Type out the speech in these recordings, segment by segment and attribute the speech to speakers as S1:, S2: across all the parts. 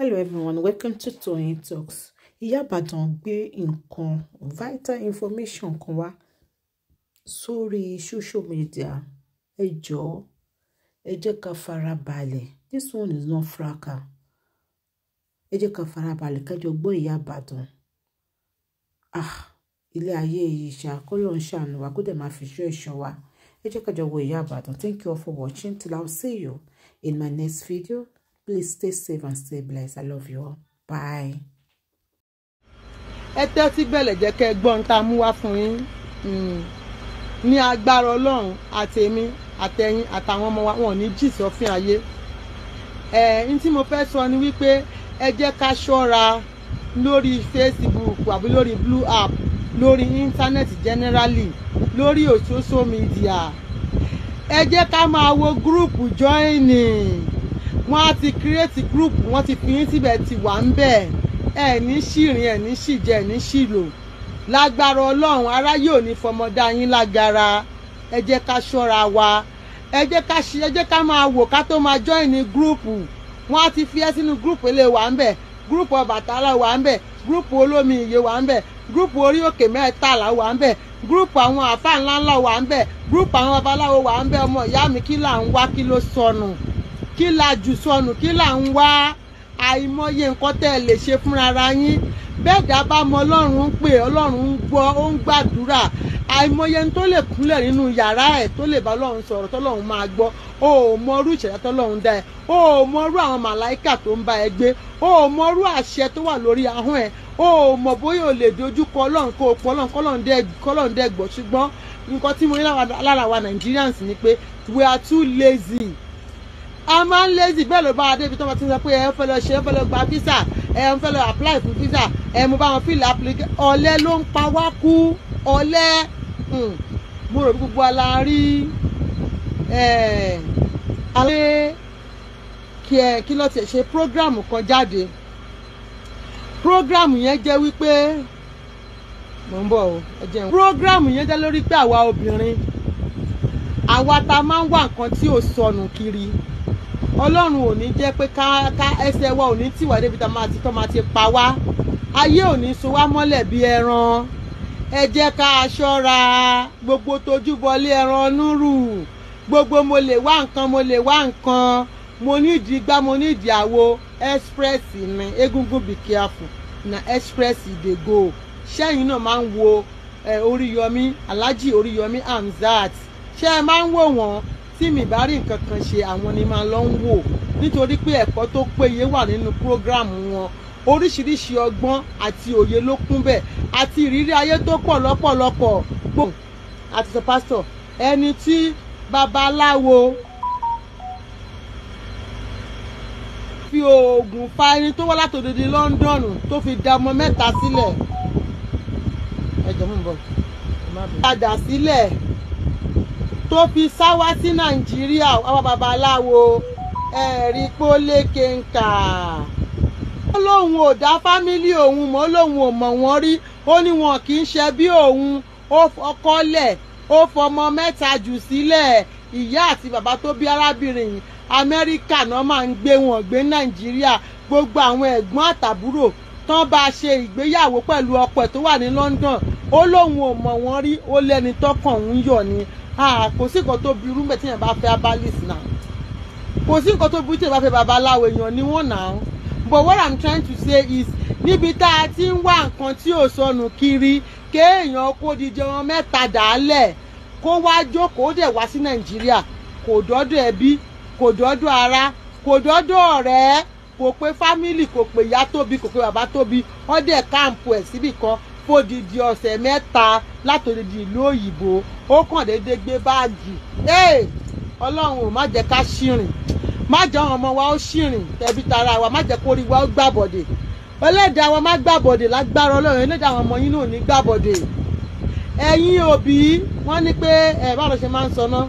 S1: hello everyone welcome to Toyeen Talks Ìyá Ìbàdàn gbé nǹkan vital information kan wá sórí social media ẹ jọ̀ọ́ ẹ jẹ́ ká fara balẹ̀ this one is not fracas ẹ jẹ́ ká fara balẹ̀ kẹjọ gbọ́ Ìyá ah ilé ayé yìí ṣàkóló ń ṣàánú wa kó dẹ̀ máa fi ṣọ́ ẹ̀ṣọ́ wa ẹ jẹ́ ká jọ wo thank you all for watching till i see you in my next video Please stay safe and stay blessed. I love you all. Bye. Ẹ tẹ́tí gbẹ̀lẹ̀ jẹ́ kẹ́ ẹ gbọ́ ohun tá a mú wá fún yín. Hmm. Ní agbára Ọlọ́run àtèmi àtẹ̀yin àtàwọn ọmọ wa wọn ní jì sọ́fìn ayé. Ẹ n tí mo fẹ́ sọ ni wípé ẹ jẹ́ ká ṣọ́ra lórí Facebook àbí lórí Blue app lórí íńtánẹ́ẹ̀tì generally lórí social media ẹ jẹ́ ká máa wo gúrùpù joining wọ́n á ti create group wọ́n ti fi yín síbẹ̀ ti wà ń bẹ̀ ẹ̀ ní ṣìrìn ẹ̀ ní ṣìjẹ ẹ̀ ní ṣìlò lágbára ọlọ́run ará yóò ní fọmọdá yín lágara ẹ jẹ́ ká ṣọ́ra wa ẹ jẹ́ ká ṣe ẹ jẹ́ ká máa wò ká tó máa join ní group. wọ́n á ti fi ẹ́ sínú gúrùpù ilé wa ń bẹ̀ gúrùpù ọbàtálá wa ń bẹ̀ gúrùpù olómi ìyè wa ń bẹ̀ gúrùpù orí òkè mẹ́tàlá wa ń bẹ̀ gúrùpù àwọn àfáà ńláńlá wa ń bẹ̀ gúrùpù àwọn babaláwo wa ń bẹ̀ ọmọ ìyá mi kí là ń wá kí ló sọnù kí la jù sọnù kí là ń wá àìmọye nǹkan tẹ́ ẹ lè ṣe fúnra yín bẹ́ẹ̀ dá bá mọ ọlọ́run ń pè ọlọ́run ń gbọ́ ó ń gbàdúrà àìmọye tó lè kúnlẹ̀ nínú yàrá ẹ̀ tó lè bá ọlọ́run sọ̀rọ̀ tọ́lọ́run máa gbọ́ o ò mọrú ìṣẹ̀dá tọ́lọ́run dá ẹ o ò mọrú àwọn màláìkà tó ń bá ẹ gbé o ò mọrú àṣẹ tó wà lórí ahọ́n ẹ o ò mọ̀ bóyá o lè dojú ọlọ́run kó o pọ̀ ọlọ́run kọ́lọ́run dẹ́ ṣùgbọ́n nǹkan tí mo ní lára wa Nigerians ni pé we are too lazy a máa ń lazy bẹ́ẹ̀ ló bá a débi tó bá ti sọ pé ẹ ń fẹ́ lọ ṣe é ń fẹ́ lọ gba visa ẹ ń fẹ́ lọ apply fún visa ẹ mo bá wọn fìlà applique ọ̀lẹ ló ń pa wá kú ọ̀lẹ hmm. mo rò bí gbogbo ala rí eh, alẹ́ kí ẹ kí lọ́ọ́ tiẹ̀ ṣe program kan jáde program yẹn jẹ́ wípé mò ń bọ̀ o ẹ jẹun. program yẹn jẹ́ lórí pé àwa obìnrin àwa ta máa ń wá nǹkan tí ò sọnù kiri ọlọ́run ò ní jẹ́ pé ká ká ẹsẹ̀ wa ò ní tìwá débi tá máa ti tọ́ máa ti pa wá ayé ò ní so wá mọ́lẹ̀ bí ẹran ẹ jẹ́ ká a ṣọ́ra gbogbo tójú bọlé ẹran núrù gbogbo mo lè wá nǹkan mo lè wá nǹkan mo nídìí gbá mo nídìí àwo express ni egungun be careful na express dey go ṣẹ́yìn náà máa ń wo oríyọmí alhaji oríyọmí amzat ṣé ẹ máa ń wò wọ́n tí mi bá rí nǹkan kan ṣe àwọn ni máa lọ ń wò nítorí pé ẹ̀kọ́ tó péye wà nínú prógráàmù wọn oríṣiríṣi ọgbọ́n àti òye ló kún bẹ́ẹ̀ àti ìrírí ayé tó pọ̀ lọ́pọ̀lọpọ̀ gbòm àti sọ pásítọ̀ ẹni tí babaláwo fi oògùn fa ẹni tó wá látòdìdí London tó fi da ọmọ mẹ́ta sílẹ̀ ẹ̀jọ̀ mú bọ̀ padà sílẹ̀ tó fi sá wá sí nàìjíríà àwọn babaláwo ẹ̀rí pólékè ń kà ó lóun ò dá fámílì òun mọ́ lóun ò mọ̀ wọ́n rí ó ní wọn kì í ṣe bí òun ó fọkọ́lẹ̀ ó fọmọ mẹ́ta jù sílẹ̀ ìyá àti bàbá tó bí arábìnrin yìí amẹ́ríkà náà máa ń gbé wọn gbé nàìjíríà gbogbo àwọn ẹ̀gbọ́n àtàbúrò tán bá a ṣe ìgbéyàwó pẹ̀lú ọkọ tó wà ní London ó lóun ò mọ̀ wọ́n rí ó lẹ́ni tọkàn òun yọ̀ ni kò sí nǹkan tó burú mẹ́ tíyẹn bá fẹ́ abalist náà kò sí nǹkan tó burú tíyẹn bá fẹ́ babaláwo èèyàn ni wọ́n náà but what i'm trying to say is níbi tá a ti ń wá nǹkan tí ò sọnù kiri kéèyàn kó didi ọmọ mẹ́ta dàálẹ̀ kó wá jókòó dẹ̀ wá sí nàìjíríà kò dọ́dọ̀ ẹbí kò dọ́dọ̀ ara kò dọ́dọ̀ ọ̀rẹ́ kò pé fámìlì kò pé ìyá tóbi kò pé bàbá tóbi wọ́n dẹ̀ káàmpù ẹ̀ síbì kan fódìdì ọ̀sẹ̀ mẹ́ta látòdìdì ìlú òyìnbó ó kàn déédé gbé báàgì ọlọ́run ò má jẹ́ ká ṣìrìn má jẹ́ àwọn ọmọ wa ó ṣìrìn tẹ̀bí tara wa má jẹ́ kórí wa ó gbàbọ̀dè ẹlẹ́dàá wa má gbàbọ̀dè lágbára ọlọ́run ẹlẹ́dàá àwọn ọmọ yín náà ní gbàbọ̀dè ẹ̀yin òbí wọ́n ní pé ẹ̀ báwo ṣe máa ń sọ náà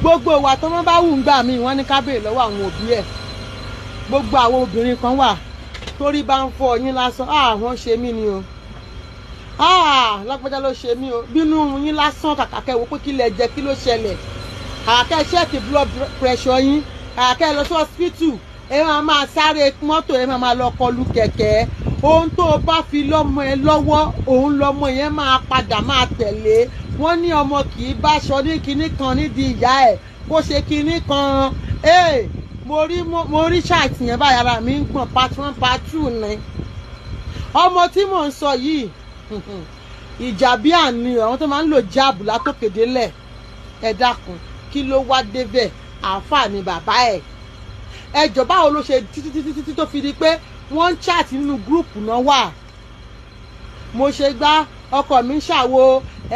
S1: gbogbo ìwà tó wọ́n bá wù ń gbà mí wọ́n ní ká béèrè lọ́wọ́ àwọn òbí ẹ̀ torí bá ń fọ yín lásán àwọn ah, ṣe mí ni o ah, lágbájá ló ṣe mí o bínú yín lásán kàkàkẹ́ wo pé kí lẹ jẹ kí ló ṣẹlẹ̀ kàkàkẹ́ ṣẹ́ẹ̀kì blood pressure yín kàkàkẹ́ lọ sí hospital ẹ máa máa sáré mọ́tò ẹ máa máa lọ kọlu kẹ̀kẹ́ ohun tó o bá fi lọ́mọ ẹ lọ́wọ́ òun lọ́mọ yẹn máa padà máa tẹ̀lé wọ́n ní ọmọ kì í bá aṣọ ní kinní kan nídìí ìyá ẹ̀ kó ṣe kinní kan mo rí mo rí ṣáàtì yẹn báyìí ara mi ń gbọ̀n part one part two ni ọmọ tí mò ń sọ yìí ìjà bí àní àwọn tó máa ń lò jáàbù látòkèdélẹ̀ ẹ dákun kí ló wá débẹ̀ àǹfààní bàbá ẹ̀ ẹ jọba wo ló ṣe títí títí títí tó fi di pé wọ́n ń chaàtì nínú gúrùpù náà wà mo ṣe gbá ọkọ mi ń ṣàwo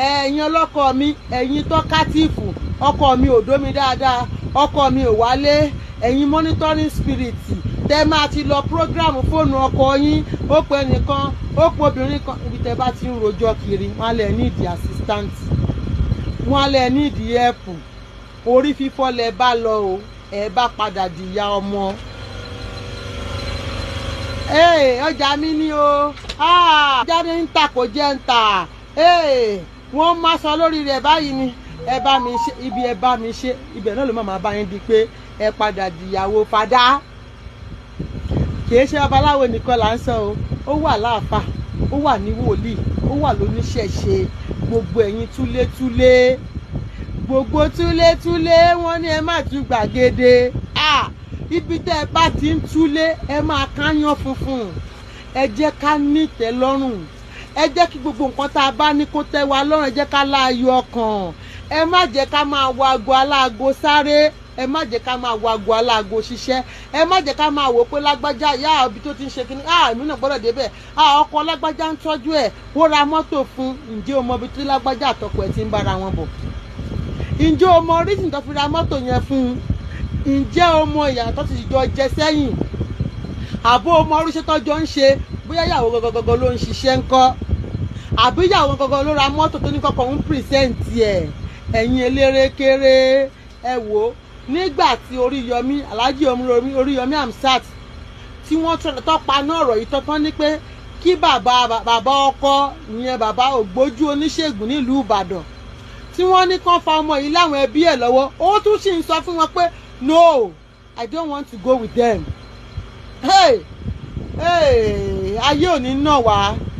S1: ẹ̀yin ọlọ́kọ mi ẹ̀yin tọ́kátìfù ọkọ mi ò dómi dáadáa ọkọ mi ò wálé ẹ̀yin monitoring spirit tẹ́ máa ti lọ program fóònù ọkọ yín ó pe ẹnìkan ó pe obìnrin kan ibi tẹ́ bá ti ń rojọ́ kiri wọ́n á lẹ̀ ní ìdí assistant wọ́n á lẹ̀ ní ìdí help orí fífọ́ lẹ bá lọ o ẹ bá padà dìyà ọmọ ọjà mi ni o ah, jáde ń ta kò jẹ́ ń ta wọ́n máa sọ lórí rẹ̀ báyìí ni ẹ bá mi ṣe ibi ẹ bá mi ṣe ibẹ̀ náà ló máa bá yín di pé ẹ padà dìyàwó fadá kìí ṣe babaláwo nìkan là ń sọ o ó wà láàfà ó wà ní wòlíì ó wà lóníṣẹ̀ṣe gbogbo ẹ̀yin túlétúlé gbogbo túlétúlé wọ́n ní ẹ má tún gbàgede ibi tẹ́ ẹ bá ti ń túlé ẹ máa káyán funfun ẹ jẹ́ ká nítẹ́lọ́rùn ẹ jẹ́ kí gbogbo nǹkan tá a bá ní kó tẹ́ wa lọ́rùn ẹ jẹ́ ká láàyò ọkàn ẹ má jẹ́ ká máa wo aago aláago sáré ẹ má jẹ́ ká máa wo aago aláago ṣiṣẹ́ ẹ má jẹ́ ká máa wò pé lágbájá yá ibi tó ti ń ṣe kíní ah èmi náà gbọ́dọ̀ débẹ̀ ah ọkọ lágbájá ń tọ́jú ẹ̀ ó ra mọ́tò fún ǹjẹ́ o mọ ibi tí lágbájá àtọkọ ẹ̀ ti ń bára wọn bọ̀ ǹjẹ́ o mọ reason tó fi ra mọ́tò yẹn fún un ǹjẹ́ o mọ ìyàtọ̀ tó ti jọ jẹ sẹ́yìn àbó o mọ oríṣẹ́ tó jọ ń ṣe bóyá ìyàwó gọgọgọgọ ló ń ṣiṣẹ́ ńkọ́ àbí ìyàwó gọgọ ló ra mọ́tò tó ní kọ́kọ́ ń pìrìsẹ́ǹtì ẹ̀ ẹ̀yin eléré kéré ẹ wò ó nígbà tí oríyọmí alhaji oríyọmí amsat tí wọ́n tọ́pa náà ọ̀rọ̀ yìí tọ́tán ní pé kí bàbá bàbá ọkọ ìyẹn bàbá ògbójú oníṣègùn nílùú ìbàdàn tí wọ́n ní kán fa ọmọ yìí láwọn ẹbí ẹ̀ lọ́wọ́ ó tún sì ń sọ fún wọn pé no i don't want to go with them hey hey ayé òní náà wá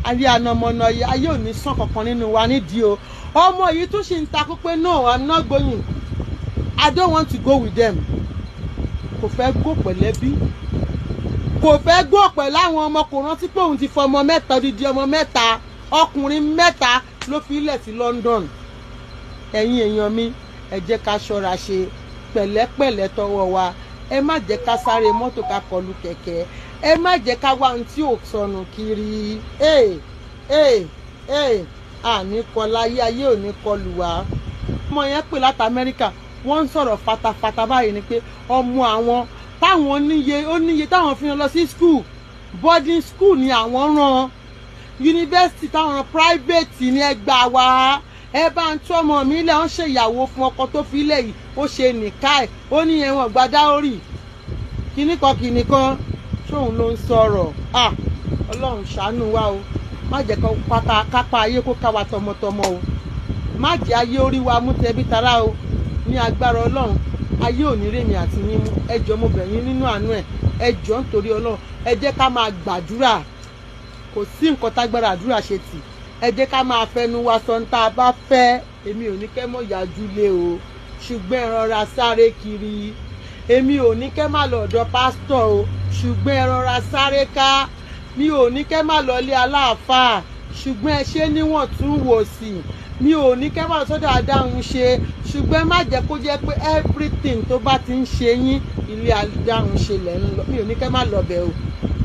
S1: ayé anamọ́nà ayé òní sàn kankan nínú wa nídìí o ọmọ yìí tún sì ń takú pé no i'm not going I don't want to go with them kò fẹ́ gò pẹ̀lẹ́bí kò fẹ́ gò pẹ̀lú àwọn ọmọ kò rántí pé òun ti fọ ọmọ mẹ́ta odidi ọmọ mẹ́ta ọkùnrin mẹ́ta ló fi ilẹ̀ sí London ẹ̀yin èèyàn mi ẹ jẹ́ ká ṣọ́ra ṣe pẹ̀lẹ́pẹ̀lẹ́ tọwọ́ wa ẹ má jẹ́ ká sáré mọ́tò ká kọlu kẹ̀kẹ́ ẹ má jẹ́ ká wá ohun tí ò sọnù kiri ee ee ee àní kọlá ayé ayé ò ní kọlù ọmọ yẹn pè láti Amẹ́ríkà wọ́n ń sọ̀rọ̀ fatafata báyìí ni pé ọmọ àwọn táwọn níye ó níye táwọn fi lọ sí school boarding school ni àwọn ràn yunifásitì táwọn ràn private ni ẹ gbà wá ẹ bá ń tú ọmọ mi lẹ́ ń ṣe ìyàwó fún ọkọ tó fi lẹ̀ yìí ó ṣe nìka ẹ̀ ó ní ẹ̀wọ̀n gbadá orí kìnnìkan kìnnìkan tóun ló ń sọ̀rọ̀ ah ọlọ́run ṣàánú wa o má jẹ́ kápá ayé kó ká wa tọmọtọmọ o má jẹ́ ayé orí wa mú tẹbí tará o ní agbára ọlọ́run ayé ò ní rèmi àti yín mú ẹ nínú àánú ẹ̀ ẹ nítorí ọlọ́run ẹ jẹ́ ká máa gbàdúrà kò sí nǹkan tágbára àdúrà ṣe tì ẹ jẹ́ ká máa fẹnu wa sọ tá a bá fẹ́ èmi ò ní kẹ́ mọ̀ yájú lé o ṣùgbọ́n ẹ sáré kiri èmi ò ní kẹ́ má lọ ọ̀dọ̀ pásítọ̀ o ṣùgbọ́n ẹ rọra sáré ká mi ò ní kẹ́ má lọ ilé aláàfáà ṣùgbọ́n ẹ ṣe níwọ̀ntúnwòsì mi ò ní kẹ́ máa sọ́dọ̀ adáhùn ṣe ṣùgbọ́n má jẹ́ kó jẹ́ pé everything tó bá ti ń ṣe yín ilé adáhùn ṣe lẹ̀ ń lọ mi ò ní kẹ́ má lọ bẹ̀ o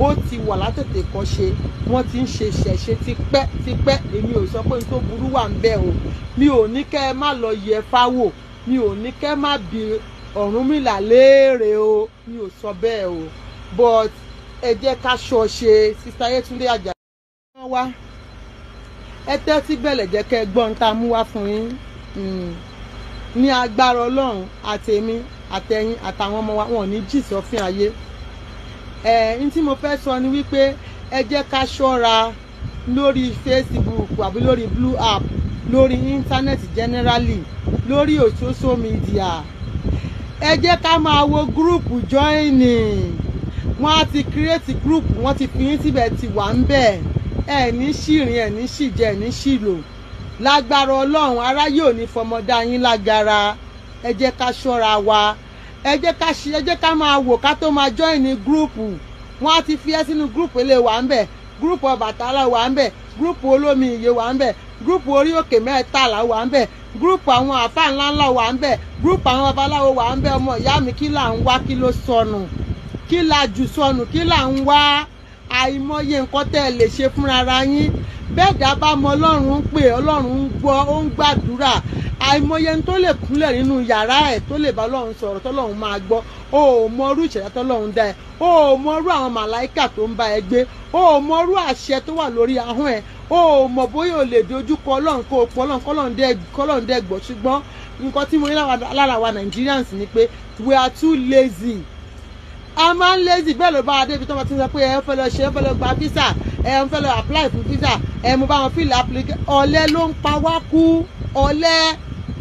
S1: ó ti wà látètè kọ́ ṣe wọ́n ti ń ṣe ṣẹ̀ṣe tipẹ́ tipẹ́ èmi ò sọ pé n tó burú wà ń bẹ̀ o mi ò ní kẹ́ má lọ yẹ fáwò mi ò ní kẹ́ má bi Ọ̀rúnmìlà léèrè o mi ò sọ bẹ́ẹ̀ o but ẹ jẹ́ ká ṣọ́ ṣe sista Yétúndé Àjàyí ẹ tẹ́tí bẹ̀lẹ̀ jẹ́ kẹ́ gbọ́n tá a mú wá fún yín hmm. ní agbára ọlọ́run àtẹ̀mí àtẹ̀yìn àtàwọn ọmọ wa wọn ò ní jì sọ́fìn ayé ẹ̀ ní tí mo fẹ́ sọ ni wípé ẹ jẹ́ ká ṣọ́ra lórí Facebook àbí lórí blue app lórí íńtánẹ́ẹ̀tì generally lórí social media ẹ jẹ́ ká máa wo gúrùpù joining wọ́n á ti create group wọ́n ti fi yín síbẹ̀ ti wà ń bẹ́ẹ̀. ẹ̀ ní ṣìrìn ẹ̀ ní ṣìjẹ ẹ̀ ní ṣìlò lágbára ọlọ́run aráyé ò ní fọmọdá yín lágara ẹ jẹ́ ṣọ́ra wa ẹ jẹ́ ká tó máa join ní gúrùpù wọ́n á ti fi ẹ́ sínú gúrùpù ilé wa ń bẹ gúrùpù Ọbàtálá wa ń bẹ olómi wa ń orí òkè mẹ́tàlá wa ń àwọn àfáà wa ń àwọn babaláwo wa ń ọmọ ìyá mi kí là ń àìmọye nǹkan tẹ́ ẹ lè ṣe fúnra yín bẹ́ẹ̀ dá bá mọ ọlọ́run ń pè ọlọ́run ń gbọ́ ó ń gbàdúrà àìmọye ń tó lè kúnlẹ̀ nínú yàrá ẹ̀ tó lè bá ọlọ́run sọ̀rọ̀ tọ́lọ́run máa gbọ́ o ò mọrú ìṣẹ̀dá tọ́lọ́run dá ẹ o ò mọrú àwọn màláìkà tó ń bá ẹ gbé o ò mọrú àṣẹ tó wà lórí ahọ́n ẹ o ò bóyá o lè dojúkọ ọlọ́run kó o pọ̀ ọlọ́run kọ́lọ́run dẹ́ gbọ́ ṣùgbọ́n nǹkan tí mo ní lára wa Nigerians ni pé we are too lazy a máa ń lazy bẹ́ẹ̀ ló bá wa débi tó máa ti sọ pé ẹ ń fẹ́ lọ ṣe ẹ ń fẹ́ lọ gba visa ẹ fẹ́ lọ apply fún visa ẹ mo bá wọn fill application ọ̀lẹ ló ń pa wá kú ọ̀lẹ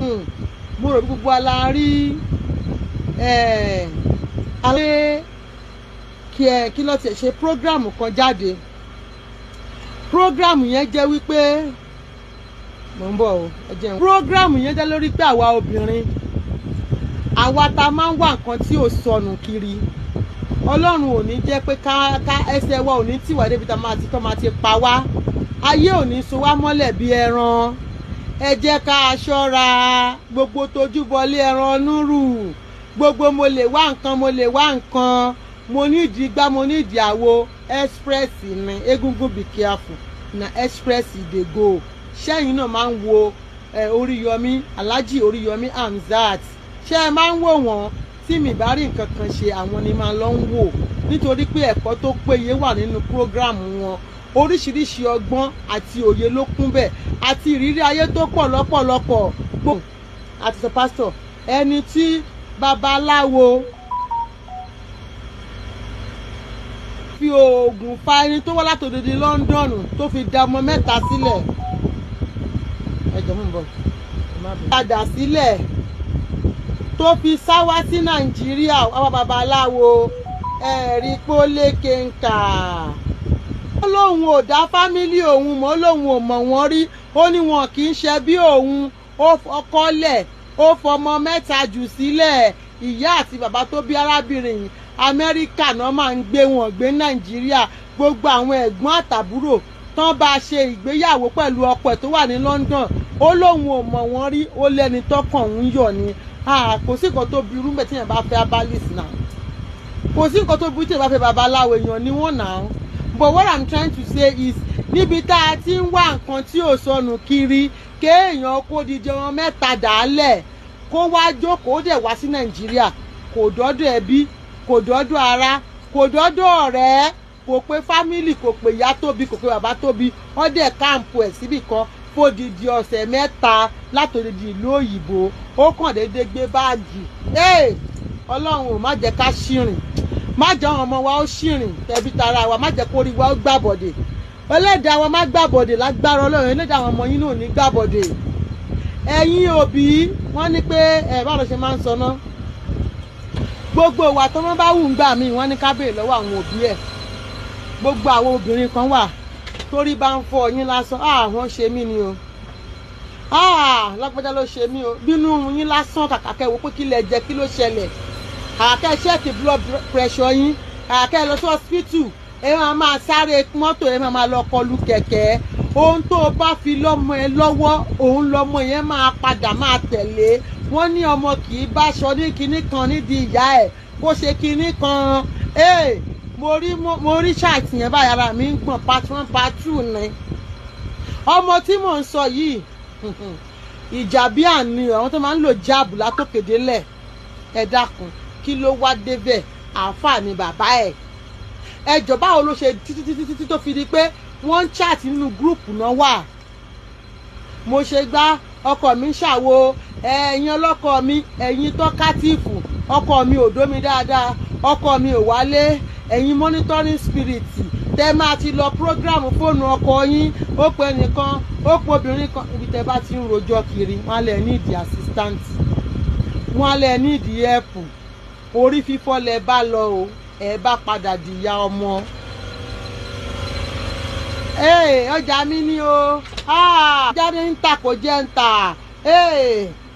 S1: hmm, mo rò bí gbogbo ala rí alẹ́ kí ẹ kí lọ́ọ́ tiẹ̀ ṣe program kan jáde program yẹn jẹ́ wípé mò ń bọ̀ o ẹ jẹun. program yẹn jẹ́ lórí pé àwa obìnrin àwa ta máa ń wá nǹkan tí ò sọnù kiri ọlọ́run ò ní jẹ́ pé ká ká ẹsẹ̀ wa ò ní tìwá débi tá máa ti tọ́ máa ti pa wá ayé ò ní sun wá mọ́lẹ̀ bí ẹran ẹ jẹ́ ká a gbogbo tójú bọlé ẹran núrù gbogbo mo lè wá nǹkan mo lè wá nǹkan mo nídìí gbá mo nídìí àwo express ni egungun be careful na express dey go ṣẹ́yìn náà máa ń wo oríyọmí alhaji oríyọmí hamzat ṣé ẹ máa ń wò wọ́n tí mi bá rí nǹkan kan ṣe àwọn ni máa lọ ń wò nítorí pé ẹ̀kọ́ tó péye wà nínú prógráàmù wọn oríṣiríṣi ọgbọ́n àti òye ló kún bẹ́ẹ̀ àti ìrírí ayé tó pọ̀ lọ́pọ̀lọpọ̀ gbòm àti sọ pásítọ̀ ẹni tí babaláwo fi oògùn fa ẹni tó wá látòdìdí Lọ́ńdọ̀nù tó fi da ọmọ mẹ́ta sílẹ̀ ẹ̀jọ̀ mọ̀ bọ̀ padà sílẹ̀ tó fi sá wá sí nàìjíríà àwọn babaláwo ẹ̀rí pólékè ń kà ó lóun ò dá fámílì òun mọ́ lóun ò mọ̀ wọ́n rí ó ní wọn kì í ṣe bí òun ó fọkọ́lẹ̀ ó fọmọ mẹ́ta jù sílẹ̀ ìyá àti bàbá tó bí arábìnrin yìí amẹ́ríkà náà máa ń gbé wọn gbé nàìjíríà gbogbo àwọn ẹ̀gbọ́n àtàbúrò tán bá a ṣe ìgbéyàwó pẹ̀lú ọkọ tó wà ní London ó lóun ò mọ̀ wọ́n rí ó lẹ́ni tọkàn òun yọ̀ ni kò sí nǹkan tó burú mbẹ tí yẹn bá fẹ́ abalis náà kò sí nǹkan tó burú tí yẹn bá fẹ́ babaláwo èèyàn ni wọ́n náà but what i'm trying to say is níbi tá a ti ń wá nǹkan tí ò sọnù kiri kéèyàn kó didi ọmọ mẹ́ta dàálẹ̀ kó wá jókòó dẹ̀ wá sí nàìjíríà kò dọ́dọ̀ ẹbí kò dọ́dọ̀ ara kò dọ́dọ̀ ọ̀rẹ́ kò pé fámìlì kò pé ìyá tóbi kò pé bàbá tóbi ọ̀dẹ̀ káàmpù ẹ̀ síbì kan fódìdí ọ̀sẹ̀ mẹ́ta látòdìdí ìlú òyìnbó ó kàn déédéé gbé báàgì ọlọ́run ò má jẹ́ ká ṣìrìn má jẹ́ àwọn ọmọ wa ó ṣìrìn tẹ̀bí tara wa má jẹ́ kórí wa ó gbàbọ̀dẹ̀ ẹlẹ́dàá wa má gbàbọ̀dẹ̀ lágbára ọlọ́run ẹlẹ́dàá àwọn ọmọ yín náà ní gbàbọ̀dẹ̀ ẹ̀yin òbí wọ́n ní pé ẹ̀ bá lọ ṣe máa ń sọ náà gbogbo ìwà tó wọ́n bá wù ń gbà mí wọ́n ní ká béèrè lọ́wọ́ àwọn òbí ẹ̀ gbogbo àwọn obìnrin kan wà torí bá ń fọ yín lásán àwọn ah, ṣe mí ni o ah, lágbájá ló ṣe mí o bínú yín lásán kàkà kẹ́ wò pé kí lẹ jẹ kí ló ṣẹlẹ̀ kàkà ṣẹ́ẹ̀kì blood pressure yín kàkà kẹ́ lọ sí hospital ẹ máa máa sáré mọ́tò ẹ máa máa lọ kọlu kẹ̀kẹ́ ohun tó o bá fi lọ́mọ ẹ lọ́wọ́ òun lọ́mọ yẹn máa padà máa tẹ̀lé wọ́n ní ọmọ kì í báṣọ ní kinní kan nídìí ìyá ẹ̀ kó ṣe kinní kan eh, mo rí mo rí ṣáàtì yẹn báyìí ara mi ń gbọ̀n part one part two ni ọmọ tí mò ń sọ yìí ìjà bí àní àwọn tó máa ń lò jáàbù látòkèdélẹ̀ ẹ dákun kí ló wá débẹ̀ àǹfààní bàbá ẹ̀ ẹ jọ báwo ló ṣe títí títí títí tó fi di pé wọ́n ń chaàtì nínú gúrùpù náà wà mo ṣe gbá ọkọ mi ṣàwo ẹ̀yin ọlọ́kọ mi ẹ̀yin tọ́kátìfù ọkọ mi ò dómi dáadáa ọkọ mi ò wálé ẹ̀yin monitoring spirit tẹ máa ti lọ program fóònù ọkọ yín ó pe nìkan ó pe obìnrin kan ibi tẹ bá ti ń rojọ́ kiri wọn lè ní ìdí assistant wọn lè ní ìdí ẹ̀pù orí fífọ́ lẹ bá lọ o ẹ bá padà dìyà ọmọ ọjà mi ni o ah, ọjà mi ń ta kò jẹ́ ń ta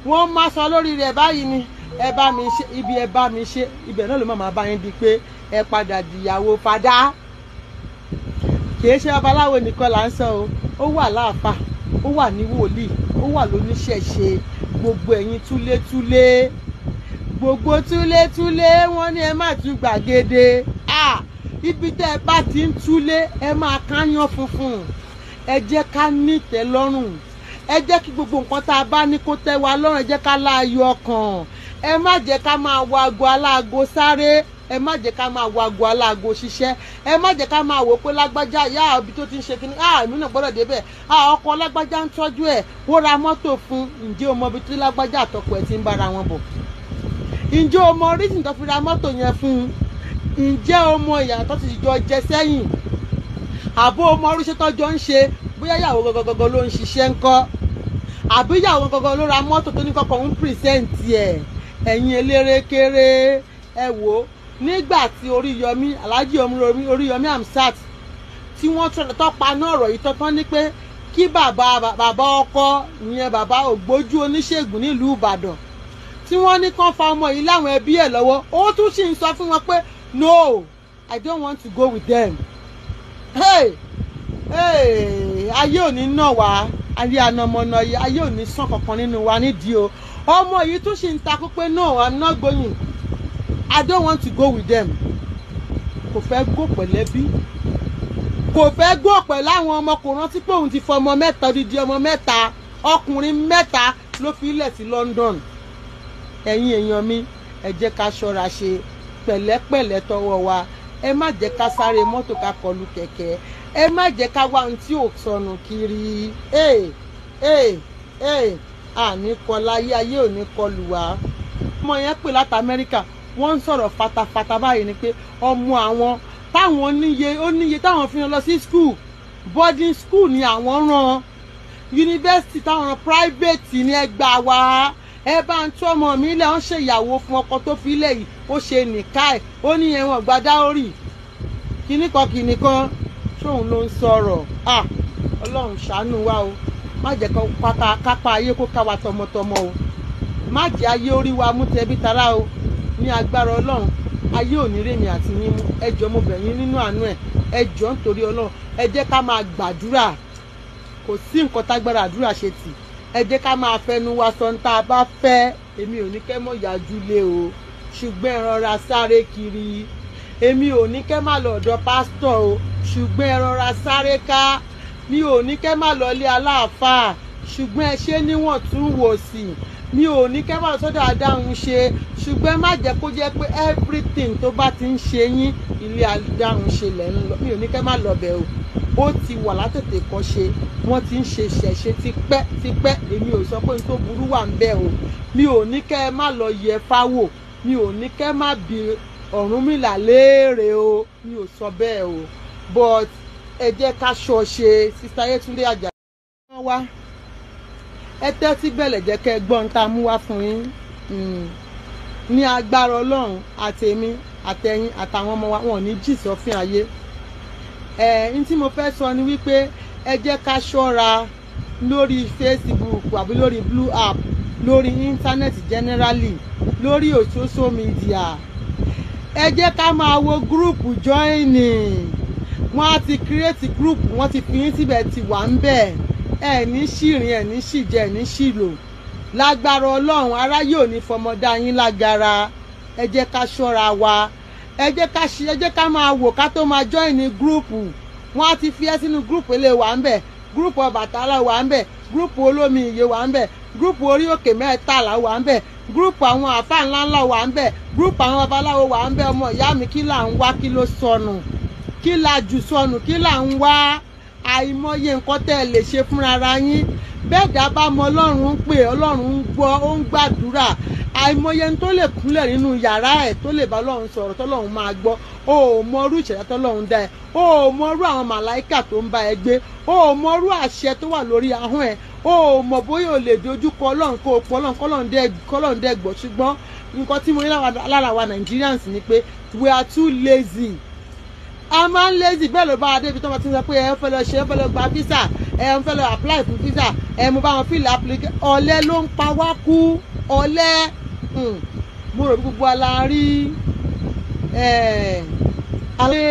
S1: wọ́n máa sọ lórí rẹ̀ báyìí ni ẹ bá mi ṣe ibi ẹ bá mi ṣe ibẹ̀ náà ló máa bá yín di pé ẹ padà dìyàwó fadá kì í ṣe babaláwo nìkan là ń sọ o ó wà láàfà ó wà ní wòlíì ó wà lóníṣẹ̀ṣe gbogbo ẹ̀yin túlétúlé gbogbo túlétúlé wọ́n ní ẹ má tún gbàgede ibi tẹ́ ẹ bá ti ń túlé ẹ máa káyán funfun ẹ jẹ́ ká nítẹ́ lọ́rùn ẹ jẹ́ kí gbogbo nǹkan tá a bá ní kó tẹ́ wa lọ́rùn ẹ jẹ́ ká láàyò ọkàn ẹ má jẹ́ ká máa wo aago aláago sáré ẹ má jẹ́ ká máa wo aago aláago ṣiṣẹ́ ẹ má jẹ́ ká máa wò pé lágbájá ìyá àbí tó ti ń ṣe kínní ah èmi náà gbọ́dọ̀ débẹ̀ ah ọkọ lágbájá ń tọ́jú ẹ̀ wọ́n ra mọ́tò fún ǹjẹ́ o mọ ibi tí lágbájá àtọkọ ẹ̀ ti ń bára wọn bọ̀ ǹjẹ́ o mọ reason tó fi ra mọ́tò yẹn fún un ǹjẹ́ o mọ ìyà tó ti jọ jẹ sẹ́yìn àbó o mọ oríṣẹ́ ń ṣe bóyá ìyàwó gọgọgọ ló ń ṣiṣẹ́ ńkọ́ àbí ìyàwó gọgọ ló ra mọ́tò tó ní kọ́kọ́ ń pìrìsẹ́ǹtì ẹ̀ ẹ̀yin elérekere ẹ wò ó nígbà tí oríyọmí alhaji oríyọmí amsat tí wọ́n tọ́pa náà ọ̀rọ̀ yìí tọ́tán ní pé kí bàbá bàbá ọkọ ìyẹn bàbá ògbójú oníṣègùn nílùú ìbàdàn tí wọ́n ní kán fa ọmọ yìí láwọn ẹbí ẹ̀ lọ́wọ́ ó tún sì ń sọ fún wọn pé no i don't want to go with them hey hey ayé ò ní nà wá ayé anamọ̀nà ayé ò ní sàn kankan nínú wa nídìí o ọmọ yìí tún ṣì ń takú pé no i'm not going i don't want to go with them kò fẹ́ gò pẹ̀lẹ́bí kò fẹ́ gò pẹ̀lú àwọn ọmọ kò rántí pé òun ti fọ ọmọ mẹ́ta odidi ọmọ mẹ́ta ọkùnrin mẹ́ta ló fi ilẹ̀ sí London ẹ̀yin èèyàn mi ẹ jẹ́ ká ṣọ́ra ṣe pẹ̀lẹ́pẹ̀lẹ́ tọwọ́ wa ẹ má jẹ́ ká sáré mọ́tò ká kọlu kẹ̀kẹ́ ẹ má jẹ́ ká wá ohun tí ò sọnù kiri. Hey, hey, hey àní kọlá ayé ayé ò ní kọlù wá ọmọ yẹn pè láti amẹ́ríkà wọ́n ń sọ̀rọ̀ fatafata báyìí ni pé ọmọ àwọn táwọn níye ó níye táwọn fi lọ sí skul boarding school ni àwọn ràn yunifásitì táwọn private ni ẹ gbà wá ẹ bá ń tú ọmọ mi lẹ ń ṣe ìyàwó fún ọkọ tó fi lẹ yìí ó ṣe nìka ẹ ó ní ẹwọn gbadá orí kíníkan kíníkan tóun ló ń sọ̀rọ̀ ọlọ́run ṣàánú wa o má jẹ́ kó pátá kápá ayé kó ká wa tọmọtọmọ o má jẹ́ ayé orí wa mú tẹbí tará o ní agbára ọlọ́run ayé òní rèmi àti yín mú ẹ jọ̀ọ́ mo bẹ̀ yín nínú àánú ẹ̀ ẹ jọ̀ọ́ nítorí ọlọ́run ẹ jẹ́ ká máa gbàdúrà kò sí nǹkan tágbára àdúrà ṣe tì ẹ jẹ́ ká máa fẹnu wa sọ ní tá a bá fẹ́ èmi ò ní kẹ́ mọ̀ yájú lé o ṣùgbọ́n ẹ sáré kiri èmi ò ní kẹ́ má lọ ọ̀dọ̀ pásítọ̀ o ṣùgbọ́n ẹ sáré ká mi ò ní kẹ́ má lọ ilé aláàfáà ṣùgbọ́n ẹ ṣe níwọ̀n tún wò sí mi ò ní kẹ́ má sọ́dọ̀ adáhùn ṣe ṣùgbọ́n ẹ má jẹ́ kó jẹ́ pé everything tó bá ti ń ṣe yín ilé adáhùn ṣe lẹ̀ ń lọ mi ò ní kẹ́ má lọ bẹ̀ o ó ti wà látètè kọ́ ṣe wọ́n ti ń ṣe ṣẹ̀ṣe tipẹ́ tipẹ́ èmi ò sọ pé n tó burú wà ń bẹ̀ o mi ò ní kẹ́ ẹ má lọ yẹ fáwò mi ò ní kẹ́ má bi Ọ̀rúnmìlà léèrè o mi ò sọ bẹ́ẹ̀ o but ẹ jẹ́ ká ṣọṣe sista Yétúndé Àjàyí wọn wá ẹ tẹ́tí bẹ̀lẹ̀ jẹ́ kẹ́ gbọ́n tá a mú wá fún yín hmm. ní agbára Ọlọ́run àtẹ̀mí àtẹ̀yìn àtàwọn ọmọ wa wọn ò ní jì sọ́fìn ayé ẹ n tí mo fẹ́ sọ ni wípé ẹ jẹ́ ká ṣọ́ra lórí Facebook àbí lórí blue app lórí íńtánẹ́ẹ̀tì generally lórí social media ẹ jẹ́ ká máa wo gúrùpù joining wọ́n á ti create group wọ́n ti fi yín síbẹ̀ ti wà ń bẹ̀ ẹ̀ ní ṣìrìn ẹ̀ ní ṣìjẹ́ ẹ̀ ní ṣìlò lágbára ọlọ́run aráyé ò ní fọmọdá yín lágara ẹ jẹ́ ká ṣọ́ra wa ẹ jẹ́ ká ṣe ẹ jẹ́ ká máa wò ká tó máa join ní group, wọ́n á ti fi ẹ́ sínú Group ilé wa ń bẹ̀ group Ọbàtálá wa ń bẹ̀ gúrùpù olómi ìyè wa ń bẹ̀ gúrùpù orí òkè mẹ́tàlá wa ń bẹ̀ gúrùpù àwọn àfáà ńláńlá wa ń bẹ̀ gúrùpù àwọn babaláwo wa ń bẹ̀ ọmọ ìyá mi kí là ń wá kí ló sọnù. So kí la jù sọnù kí là ń wá àìmọye nǹkan tẹ́ ẹ lè ṣe fúnra yín bẹ́ẹ̀ dá bá mọ ọlọ́run ń ọlọ́run ń gbọ́ ó ń gbàdúrà àìmọye tó lè kúnlẹ̀ nínú yàrá ẹ̀ tó lè bá ọlọ́run sọ̀rọ̀ tọ́lọ́run máa gbọ́ o mọrú ìṣẹ̀dá tọ́lọ́run dá ẹ o mọrú àwọn màláìkà tó ń bá ẹ gbé o mọrú àṣẹ tó wà lórí ahọ́n ẹ o ò bóyá o lè dojú ọlọ́run kó o pọ̀ ọlọ́run kọ́lọ́run dẹ́ ṣùgbọ́n nǹkan tí mo ní lára wa Nigerians ni pé we are too lazy a máa ń lazy bẹ́ẹ̀ ló bá wa débi tó máa ti sọ pé ẹ ń fẹ́ lọ ṣe ẹ ń fẹ́ lọ gba visa ẹ ń fẹ́ lọ apply fún visa ẹ mo bá wọn fíìlì application ọ̀lẹ ló ń pa wá kú ọ̀lẹ hmm, mo rò bí gbogbo ala rí alẹ́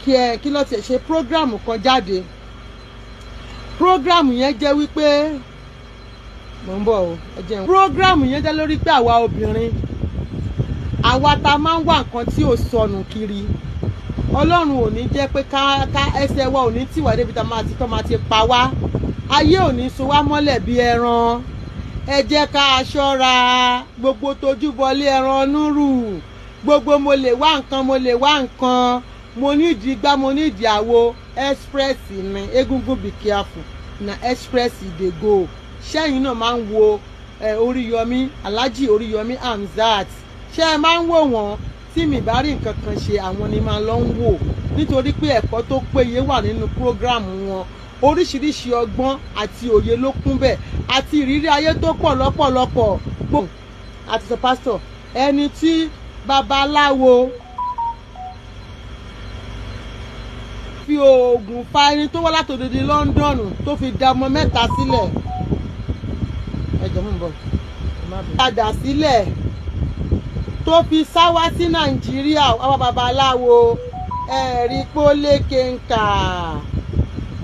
S1: kí ẹ kí lọ́ọ́ tiẹ̀ ṣe program kan jáde program yẹn jẹ́ wípé mò ń bọ̀ o ẹ jẹun. program yẹn jẹ́ lórí pé àwa obìnrin àwa ta máa ń wá nǹkan tí ò sọnù kiri ọlọ́run ò ní jẹ́ pé ká ká ẹsẹ̀ wa ò ní tìwà débi tá máa ti tọ́ máa ti pa wá ayé ò ní so wá mọ́lẹ̀ bí ẹran ẹ jẹ́ ká a gbogbo tójú bọlé ẹran núrù gbogbo mo lè wá nǹkan mo lè wá nǹkan mo ní ìdí gbá mo ní ìdí àwo express ni egungun be careful na express dey go ṣẹ́yìn náà máa ń wo oríyọmí alhaji oríyọmí hamzat ṣé ẹ máa ń wò wọ́n tí mi bá rí nǹkan kan ṣe àwọn ni máa lọ ń wò nítorí pé ẹ̀kọ́ tó péye wà nínú prógráàmù wọn oríṣiríṣi ọgbọ́n àti òye ló kún bẹ́ẹ̀ àti ìrírí ayé tó pọ̀ lọ́pọ̀lọpọ̀ gbò àti sọ pásítọ̀ ẹni tí babaláwo fi oògùn fa ẹni tó wá látòdìdí London tó fi da ọmọ mẹ́ta sílẹ̀ ẹ̀jọ̀ mú bọ̀ padà sílẹ̀ tó fi sá wá sí nàìjíríà àwọn babaláwo ẹ̀rí pólékè ń kà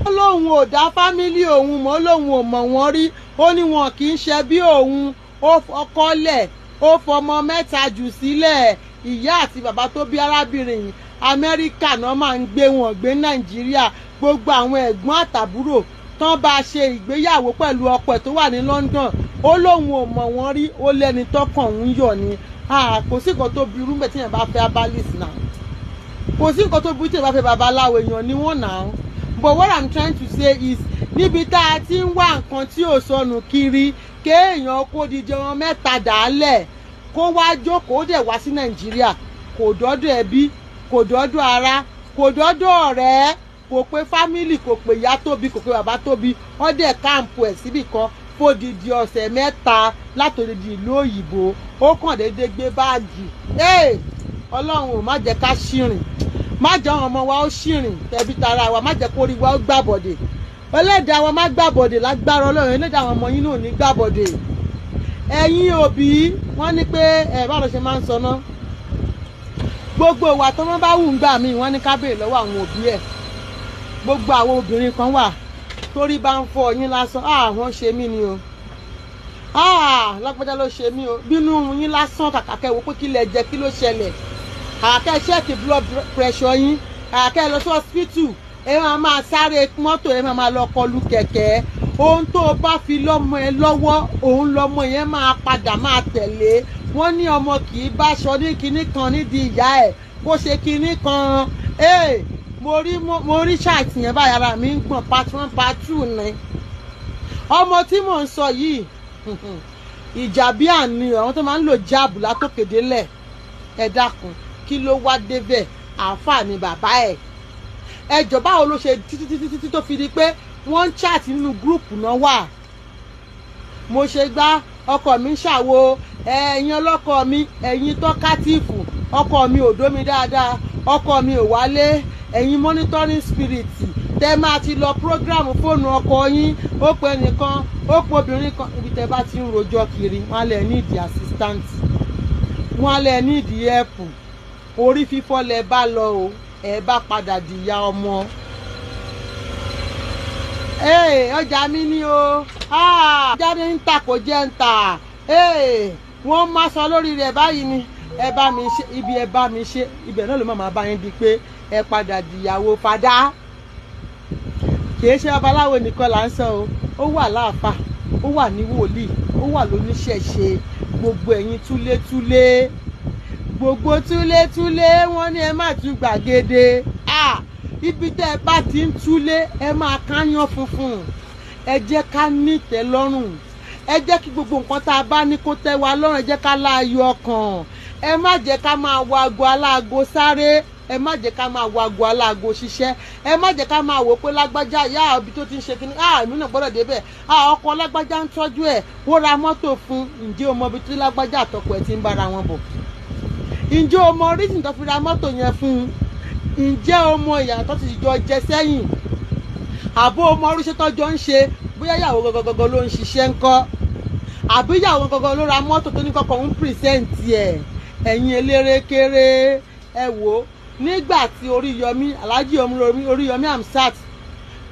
S1: ó lóun ò dá fámílì òun mọ́ lóun ò mọ̀ wọ́n rí ó ní wọn kì í ṣe bí òun ó fọkọ́lẹ̀ ó fọmọ mẹ́ta jù sílẹ̀ ìyá àti bàbá tó bí arábìnrin yìí amẹ́ríkà náà máa ń gbé wọn gbé nàìjíríà gbogbo àwọn ẹ̀gbọ́n àtàbúrò tán bá ṣe ìgbéyàwó pẹ̀lú ọkọ tó wà ní London ó lóun ò mọ̀ wọ́n rí ó lẹ́ni tọkàn òun yọ̀ ni kò sí nǹkan tó burú mbẹ tí yẹn bá fẹ́ abalis náà kò sí nǹkan tó burú tí yẹn bá fẹ́ babaláwo èèyàn ni wọ́n náà but what i'm trying to say is níbi tá a ti ń wá nǹkan tí ò sọnù kiri kéèyàn kó díje wọn mẹ́ta dàálẹ̀ kó wá jókòó dẹ̀ wá sí nàìjíríà kò dọ́dọ̀ ẹbí kò dọ́dọ̀ ara kò dọ́dọ̀ ọ̀rẹ́ kò pé fámìlì kò pé ìyá tóbi kò pé bàbá tóbi ọ̀dẹ̀ káàmpù ẹ̀ síbì kan fódìdí ọ̀sẹ̀ mẹ́ta látòdìdí ìlú òyìnbó ó kàn déédéé gbé báàgì ọlọ́run ò má jẹ́ ká ṣìrìn má jẹ́ àwọn ọmọ wa ó ṣìrìn tẹ̀bí tara wa má jẹ́ kó rí wa ó gbàbọ̀dè ẹlẹ́dàá wa má gbàbọ̀dè lágbára ọlọ́run ẹlẹ́dàá àwọn ọmọ yín náà ní gbàbọ̀dè ẹ̀yin òbí wọ́n ní pé ẹ̀ báwo ṣe máa ń sọ náà gbogbo ìwà tó wọ́n bá wù ń gbà mí wọ́n ní ká béèrè lọ́wọ́ àwọn òbí ẹ̀ gbogbo àwọn obìnrin kan wà torí bá ń fọ yín lásán àwọn ah, ṣe mí ni o ah, lágbájá ló ṣe mí o bínú yín lásán kàkàkẹ́ wo pé kí lẹ jẹ kí ló ṣẹlẹ̀ kàkàkẹ́ ṣẹ́ẹ̀kì blood pressure yín kàkàkẹ́ lọ sí hospital ẹ máa máa sáré mọ́tò ẹ máa máa lọ kọlu kẹ̀kẹ́ ohun tó o bá fi lọ́mọ ẹ lọ́wọ́ òun lọ́mọ yẹn máa padà máa tẹ̀lé wọ́n ní ọmọ kì í báṣọ ní kinní kan nídìí ìyá ẹ̀ kó ṣe kinní kan. Eh, mo rí mo rí ṣáàtì yẹn báyìí ara mi ń gbọ̀n part one part two ni ọmọ tí mò ń sọ yìí ìjà bí àní àwọn tó máa ń lò jáàbù látòkèdélẹ̀ ẹ dákun kí ló wá débẹ̀ àǹfààní bàbá ẹ̀ ẹ jọ wo ló ṣe títí títí títí tó fi di pé wọ́n ń chaàtì nínú gúrùpù náà wà mo ṣe gbá ọkọ mi ń ṣàwo ẹ̀yin ọlọ́kọ mi ẹ̀yin tọ́kátìfù ọkọ mi ò dómi dáadáa ọkọ mi ò wálé ẹ̀yin monitoring spirit tẹ máa ti lọ program fóònù ọkọ yín ó pe ẹnìkan ó pe obìnrin kan ibi tẹ bá ti ń rojọ́ kiri wọn lè ní ìdí assistant wọn lè ní ìdí help orí fífọ́ lẹ bá lọ o ẹ bá padà dìyà ọmọ ọjà mi ni o ah, ọjà mi ń ta kò jẹ́ ń ta wọ́n máa sọ lórí rẹ̀ báyìí ni ẹ bá mi ṣe ibi ẹ bá mi ṣe ibẹ̀ náà ló máa bá yín di pé ẹ padà dìyàwó fadá kìí ṣe babaláwo nìkan là ń sọ o ó wà láàfà ó wà ní wòlíì ó wà lóníṣẹ̀ṣe gbogbo ẹ̀yin túlétúlé gbogbo túlétúlé wọ́n ní ẹ má tú gbàgede ibi tẹ́ ẹ bá ti ń túlé ẹ máa káyán funfun ẹ jẹ́ ká nítẹ́lọ́rùn ẹ jẹ́ kí gbogbo nǹkan tá a bá ní kó tẹ́ wa lọ́rùn ẹ jẹ́ ká láàyò ọkàn ẹ má jẹ́ ká máa wo aago aláago sáré ẹ má jẹ́ ká máa wo aago aláago ṣiṣẹ́ ẹ má jẹ́ ká máa wò pé lágbájá yá ibi tó ti ń ṣe kíní ah èmi náà gbọ́dọ̀ débẹ̀ ah ọkọ lágbájá ń tọ́jú ẹ̀ wọ́n ra mọ́tò fún ǹjẹ́ o mọ ibi tí lágbájá àtọkọ ẹ̀ ti ń bára wọn bọ̀ ǹjẹ́ o mọ reason tó fi ra mọ́tò yẹn fún un ǹjẹ́ o mọ ìyà tó ti jọ jẹ sẹ́yìn àbó o mọ orúṣẹ́ ń ṣe bóyá ìyàwó gọgọgọgọ ló ń ṣiṣẹ́ ńkọ́ àbí ìyàwó gọgọ ló ra mọ́tò tó ní kọ́kọ́ ń pìrìsẹ́ǹtì ẹ̀ ẹ̀yin eléré kéré ẹ wò ó nígbà tí oríyọmí alhaji oríyọmí amsat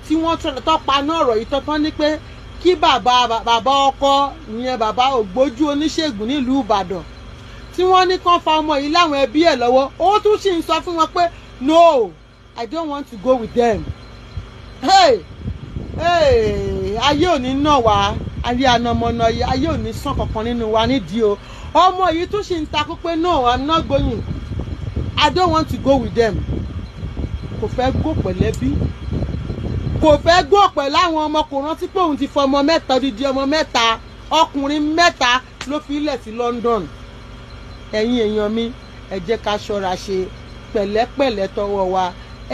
S1: tí wọ́n tọ́pa náà ọ̀rọ̀ yìí tọ́tán ní pé kí bàbá bàbá ọkọ ìyẹn bàbá ògbójú oníṣègùn nílùú ìbàdàn tí wọ́n ní kán fa ọmọ yìí láwọn ẹbí ẹ̀ lọ́wọ́ ó tún sì ń sọ fún wọn pé no i don't want to go with them hey hey ayé ò ní nà wá ayé anamọ̀nà ayé ò sàn kankan nínú wa nídìí o ọmọ yìí tún sì ń takú pé no i'm not going I don't want to go with them kò fẹ́ gò pẹ̀lẹ́bí kò fẹ́ gò pẹ̀lú àwọn ọmọ kò rántí pé òun ti fọ ọmọ mẹ́ta odidi ọmọ mẹ́ta ọkùnrin mẹ́ta ló fi ilẹ̀ sí London ẹ̀yin èèyàn mi ẹ jẹ́ ká ṣọ́ra ṣe pẹ̀lẹ́pẹ̀lẹ́ tọwọ́ wa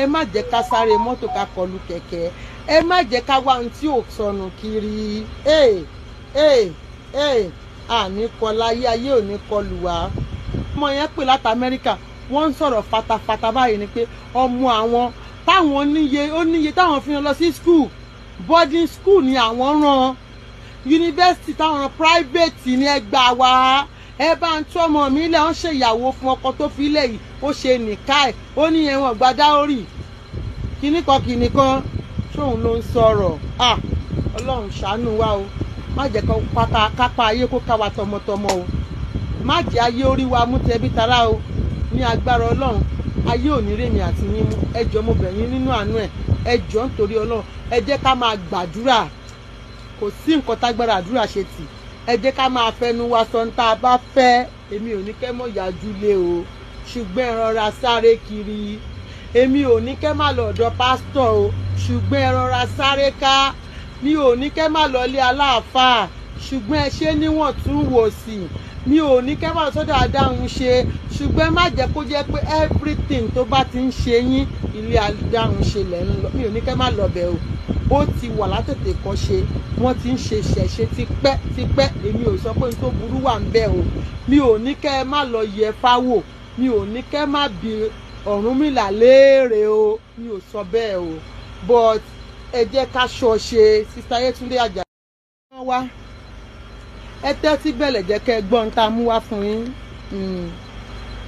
S1: ẹ má jẹ́ ká sáré mọ́tò ká kọlu kẹ̀kẹ́ ẹ má jẹ́ ká wá ohun tí ò sọnù kiri ee ee ee àní kọlá ayé ayé ò ní kọlù ọmọ yẹn pè láti Amẹ́ríkà wọ́n ń sọ̀rọ̀ fatafata báyìí ni pé ọmọ àwọn táwọn níye ó níye táwọn fi lọ sí school boarding school ni àwọn rán yunifásitì táwọn private ni ẹ gbà wá ẹ bá ń tún ọmọ mi lẹ́ ń ṣe ìyàwó fún ọkọ tó fi lẹ̀ yìí ó ṣe nìka ẹ̀ ó ní ẹ̀wọ̀n gbadá orí kìnnìkan kìnnìkan tóun ló ń sọ̀rọ̀ ah ọlọ́run ṣàánú wa o má jẹ́ kó pátá kápá ayé kó ká wa tọmọtọmọ o má jẹ́ ayé orí wa mú tẹbí tará o ní agbára ọlọ́run ayé ò ní rèmi àti yín mú mo bẹ̀ yín nínú àánú ẹ̀ ẹ jọ̀ọ́ nítorí ọlọ́run ẹ jẹ́ ká máa gbàdúrà kò sí nǹkan tágbára àdúrà ṣe tì ẹ jẹ́ ká máa fẹnu wa sọ ní tá a bá fẹ́ èmi ò ní kẹ́ mọ̀ yájú lé o ṣùgbọ́n ẹ rọra sáré kiri èmi ò ní kẹ́ má lọ ọ̀dọ̀ pásítọ̀ o ṣùgbọ́n ẹ rọra sáré ká mi ò ní kẹ́ má lọ ilé aláàfáà ṣùgbọ́n ẹ ṣe níwọ̀ntúnwòsì mi ò ní kẹ́ máa sọ́dọ̀ adáhùn ṣe ṣùgbọ́n má jẹ́ kó jẹ́ pé everything tó bá ti ń ṣe yín ilé adáhùn ṣe lẹ̀ ń lọ mi ò ní kẹ́ máa lọ́bẹ̀ o ó ti wà látètè kọ́ ṣe wọ́n ti ń ṣe ṣẹ̀ṣe tipẹ́ tipẹ́ èmi ò sọ pé n tó burú wà ń bẹ̀ o mi ò ní kẹ́ ẹ má lọ yẹ fáwò mi ò ní kẹ́ má bi Ọ̀rúnmìlà léèrè o mi ò sọ bẹ́ẹ̀ o but ẹ jẹ́ ká ṣọ́ ṣe sista Yétúndé Àjàyí ẹ tẹ́tí gbẹ̀lẹ̀ jẹ́ kẹ́ ẹ gbọ́ ń ta mú wá fún yín hmm.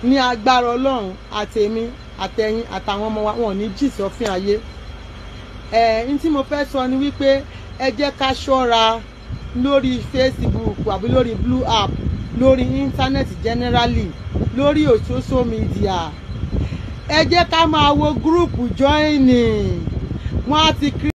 S1: ní agbára ọlọ́run àtẹ̀mí àtẹ̀yìn àtàwọn ọmọ wa wọn ò ní jì sọ́fìn ayé ẹ̀ ń tí mo fẹ́ sọ ni wípé ẹ jẹ́ ká ṣọ́ra lórí Facebook àbí lórí blue app lórí íńtánẹ́ẹ̀tì generally lórí social media ẹ jẹ́ ká máa wo gúrùpù joining wọ́n á ti kí.